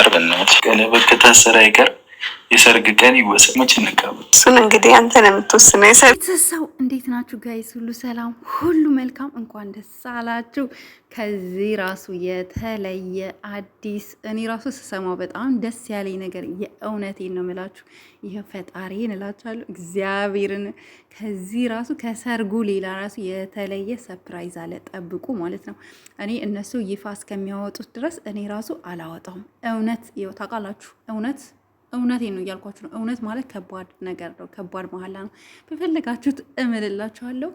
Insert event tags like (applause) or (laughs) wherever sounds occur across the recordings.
አርብነት ቀለበት ስራይ ጋር የሰርግ ቀን ይወሰን መች እንቀበል። እሱን እንግዲህ አንተ ነው የምትወስነው። የሰርግ ሰው እንዴት ናችሁ ጋይስ? ሁሉ ሰላም፣ ሁሉ መልካም። እንኳን ደስ አላችሁ። ከዚህ ራሱ የተለየ አዲስ እኔ ራሱ ስሰማው በጣም ደስ ያለኝ ነገር የእውነቴን ነው የምላችሁ። ይህ ፈጣሪ እላችኋለሁ እግዚአብሔርን ከዚህ ራሱ ከሰርጉ ሌላ ራሱ የተለየ ሰፕራይዝ አለ። ጠብቁ ማለት ነው። እኔ እነሱ ይፋ እስከሚያወጡት ድረስ እኔ ራሱ አላወጣውም። እውነት ይኸው ታውቃላችሁ እውነት እውነቴን ነው እያልኳችሁ ነው። እውነት ማለት ከባድ ነገር ነው፣ ከባድ መሀላ ነው። በፈለጋችሁት እምልላችኋለሁ።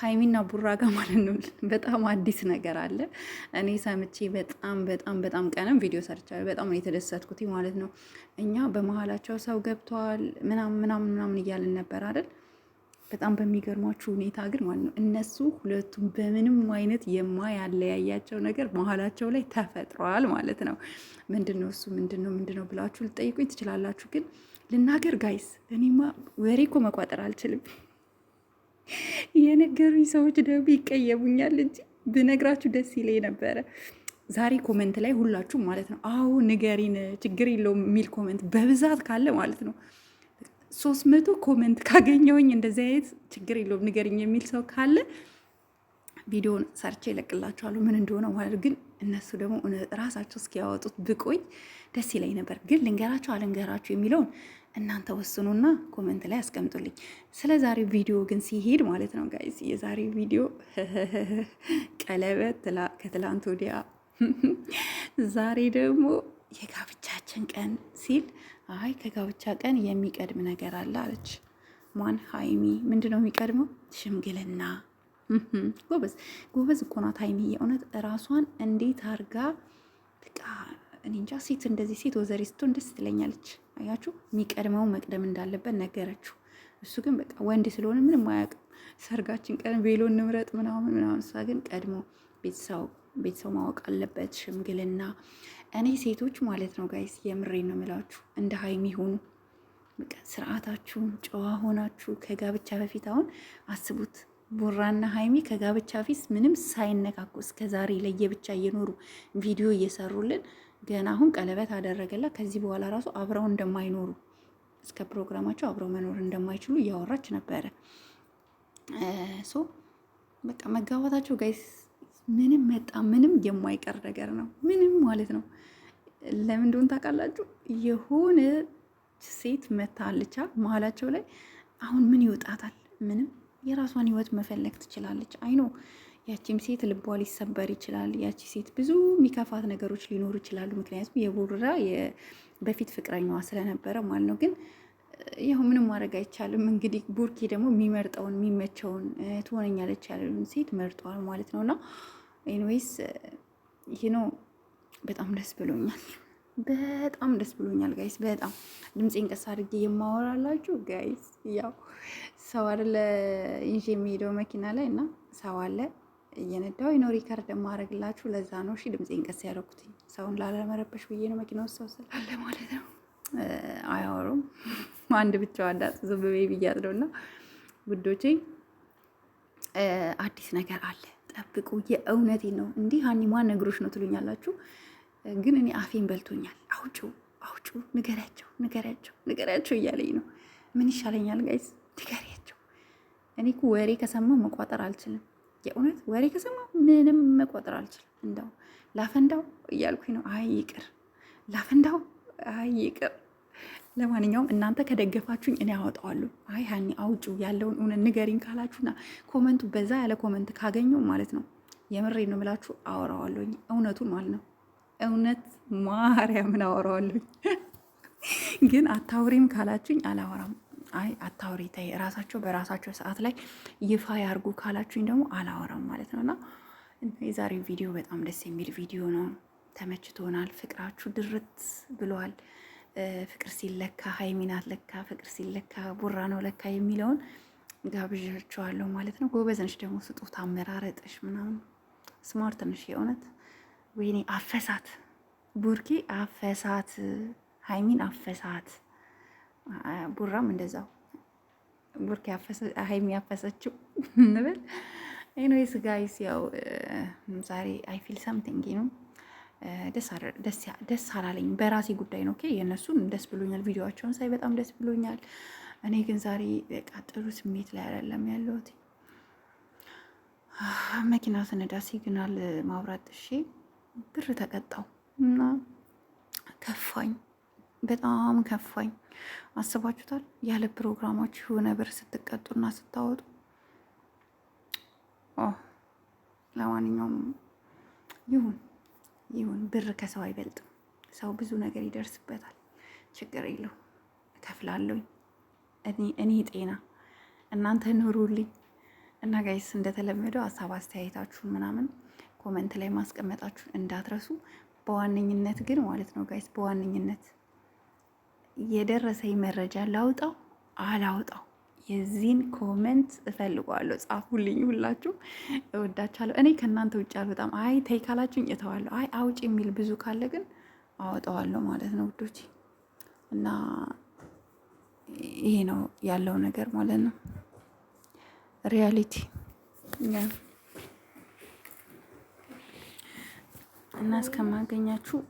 ሀይሚና ቡራ ጋር ማለት ነው በጣም አዲስ ነገር አለ። እኔ ሰምቼ በጣም በጣም በጣም ቀንም ቪዲዮ ሰርቻለሁ። በጣም የተደሰትኩት ማለት ነው። እኛ በመሀላቸው ሰው ገብተዋል ምናምን ምናምን ምናምን እያልን ነበር አይደል በጣም በሚገርማችሁ ሁኔታ ግን ማለት ነው እነሱ ሁለቱም በምንም አይነት የማያለያያቸው ነገር መሀላቸው ላይ ተፈጥሯል ማለት ነው። ምንድን ነው እሱ? ምንድን ነው ምንድን ነው ብላችሁ ልጠይቁኝ ትችላላችሁ። ግን ልናገር ጋይስ፣ እኔማ ወሬ እኮ መቋጠር አልችልም። የነገሩኝ ሰዎች ደግሞ ይቀየሙኛል እንጂ ብነግራችሁ ደስ ይለኝ ነበረ። ዛሬ ኮመንት ላይ ሁላችሁም ማለት ነው አዎ ንገሪን ችግር የለውም የሚል ኮመንት በብዛት ካለ ማለት ነው ሶስት መቶ ኮመንት ካገኘውኝ እንደዚህ አይነት ችግር የለውም ንገርኝ የሚል ሰው ካለ ቪዲዮን ሰርቼ ይለቅላችኋለሁ ምን እንደሆነ ማለት ግን እነሱ ደግሞ ራሳቸው እስኪያወጡት ብቆይ ደስ ይለኝ ነበር። ግን ልንገራቸው አልንገራቸው የሚለውን እናንተ ወስኑና ኮመንት ላይ አስቀምጡልኝ። ስለ ዛሬው ቪዲዮ ግን ሲሄድ ማለት ነው ጋይስ፣ የዛሬው ቪዲዮ (laughs) ቀለበት ከትላንት ወዲያ፣ (laughs) ዛሬ ደግሞ የጋብቻችን ቀን ሲል አይ ከጋብቻ ቀን የሚቀድም ነገር አለ አለች። ማን ሀይሚ? ምንድን ነው የሚቀድመው? ሽምግልና። ጎበዝ ጎበዝ እኮ ናት ሀይሚ። የእውነት እራሷን እንዴት አርጋ በቃ እንጃ። ሴት እንደዚህ ሴት ወዘሬ ስትሆን ደስ ትለኛለች። አያችሁ፣ የሚቀድመው መቅደም እንዳለበት ነገረችው። እሱ ግን በቃ ወንድ ስለሆነ ምንም አያውቅም። ሰርጋችን ቀን ቤሎ እንምረጥ ምናምን ምናምን፣ እሷ ግን ቀድሞ ቤተሰቡ ቤተሰብ ማወቅ አለበት። ሽምግልና እኔ ሴቶች ማለት ነው ጋይስ፣ የምሬ ነው የምላችሁ እንደ ሀይሚ ሆኑ። ስርዓታችሁን ጨዋ ሆናችሁ ከጋብቻ በፊት አሁን አስቡት ቡራና ሀይሚ ከጋብቻ ፊት ምንም ሳይነካኩ እስከ ዛሬ ለየብቻ እየኖሩ ቪዲዮ እየሰሩልን ገና አሁን ቀለበት አደረገላ ከዚህ በኋላ ራሱ አብረው እንደማይኖሩ እስከ ፕሮግራማቸው አብረው መኖር እንደማይችሉ እያወራች ነበረ። ሶ በቃ መጋባታቸው ጋይስ ምንም መጣ ምንም የማይቀር ነገር ነው። ምንም ማለት ነው። ለምን እንደሆነ ታውቃላችሁ? የሆነ ሴት መታለቻ መሀላቸው ላይ አሁን ምን ይወጣታል? ምንም የራሷን ህይወት መፈለግ ትችላለች። አይኖ ያቺም ሴት ልቧ ሊሰበር ይችላል። ያቺ ሴት ብዙ የሚከፋት ነገሮች ሊኖሩ ይችላሉ። ምክንያቱም የቡራ በፊት ፍቅረኛዋ ስለነበረ ማለት ነው ግን ያው ምንም ማድረግ አይቻልም። እንግዲህ ቡርኪ ደግሞ የሚመርጠውን የሚመቸውን ትሆነኛለች ያለውን ሴት መርጠዋል ማለት ነው። እና ኤንዌይስ ይህ ነው። በጣም ደስ ብሎኛል። በጣም ደስ ብሎኛል ጋይስ። በጣም ድምፄን ቀስ አድርጌ የማወራላችሁ ጋይስ፣ ያው ሰው አለ ይዤ የሚሄደው መኪና ላይ እና ሰው አለ እየነዳው ይኖ ሪከርድ የማደርግላችሁ ለዛ ነው። እሺ ድምፄን ቀስ ያደረኩትኝ ሰውን ላለመረበሽ ብዬ ነው። መኪናው ውስጥ ሰው ስላለ ማለት ነው አያወሩም (laughs) አንድ ብቻዋ አላት ዝም ብዬ ብያት ነው። እና ውዶቼ አዲስ ነገር አለ ጠብቁ። የእውነቴ ነው። እንዲህ ሀኒማ ነግሮች ነው ትሉኛላችሁ፣ ግን እኔ አፌን በልቶኛል። አውጩ አውጩ፣ ንገሪያቸው፣ ንገሪያቸው፣ ንገሪያቸው እያለኝ ነው። ምን ይሻለኛል ጋይስ? ንገሪያቸው። እኔ እኮ ወሬ ከሰማሁ መቋጠር አልችልም። የእውነት ወሬ ከሰማሁ ምንም መቋጠር አልችልም። እንደው ላፈንዳው እያልኩኝ ነው። አይ ይቅር፣ ላፈንዳው፣ አይ ይቅር ለማንኛውም እናንተ ከደገፋችሁኝ እኔ አወጣዋለሁ። አይ ሀኒ አውጩ ያለውን እውነት ንገሪኝ ካላችሁና ኮመንቱ በዛ ያለ ኮመንት ካገኘው ማለት ነው የምሬ ነው ምላችሁ አወራዋለሁኝ። እውነቱን ማለት ነው እውነት ማርያምን አወራዋለሁኝ። (laughs) ግን አታውሪም ካላችሁኝ አላወራም። አይ አታውሪ ተይ፣ ራሳቸው በራሳቸው ሰዓት ላይ ይፋ ያርጉ ካላችሁኝ ደግሞ አላወራም ማለት ነውና የዛሬው ቪዲዮ በጣም ደስ የሚል ቪዲዮ ነው። ተመችቶናል። ፍቅራችሁ ድርት ብለዋል። ፍቅር ሲለካ ሀይሚ ናት ለካ፣ ፍቅር ሲለካ ቡራ ነው ለካ የሚለውን ጋብዣቸዋለሁ ማለት ነው። ጎበዝንሽ ደግሞ ስጦታ አመራረጥሽ ምናምን ስማርት ነሽ የእውነት ወይኔ አፈሳት ቡርኪ አፈሳት ሀይሚን አፈሳት ቡራም እንደዛው ቡርኪ ሀይሚ አፈሰችው (laughs) እንበል። ኤኒዌይስ ጋይስ ያው ዛሬ አይፊል ሳምቲንግ ነው ደስ አላለኝ። በራሴ ጉዳይ ነው። የእነሱን ደስ ብሎኛል፣ ቪዲዮቸውን ሳይ በጣም ደስ ብሎኛል። እኔ ግን ዛሬ በቃ ጥሩ ስሜት ላይ አይደለም ያለሁት። መኪና ስነዳ ሲግናል ማብራት እሺ ብር ተቀጣው እና ከፋኝ፣ በጣም ከፋኝ። አስባችሁታል? ያለ ፕሮግራሞች የሆነ ብር ስትቀጡና ስታወጡ። ለማንኛውም ይሁን ይሁን ብር ከሰው አይበልጥም። ሰው ብዙ ነገር ይደርስበታል። ችግር የለው እከፍላለሁ። እኔ ጤና እናንተ ኑሩልኝ እና ጋይስ፣ እንደተለመደው ሀሳብ አስተያየታችሁን ምናምን ኮመንት ላይ ማስቀመጣችሁን እንዳትረሱ። በዋነኝነት ግን ማለት ነው ጋይስ፣ በዋነኝነት የደረሰኝ መረጃ ላውጣው አላውጣው የዚህን ኮመንት እፈልገዋለሁ። ጻፉልኝ፣ ሁላችሁ እወዳችኋለሁ። እኔ ከእናንተ ውጭ አልወጣም። አይ ተይ ካላችሁኝ እተዋለሁ። አይ አውጭ የሚል ብዙ ካለ ግን አወጣዋለሁ ማለት ነው ውዶች። እና ይሄ ነው ያለው ነገር ማለት ነው ሪያሊቲ እና እስከማገኛችሁ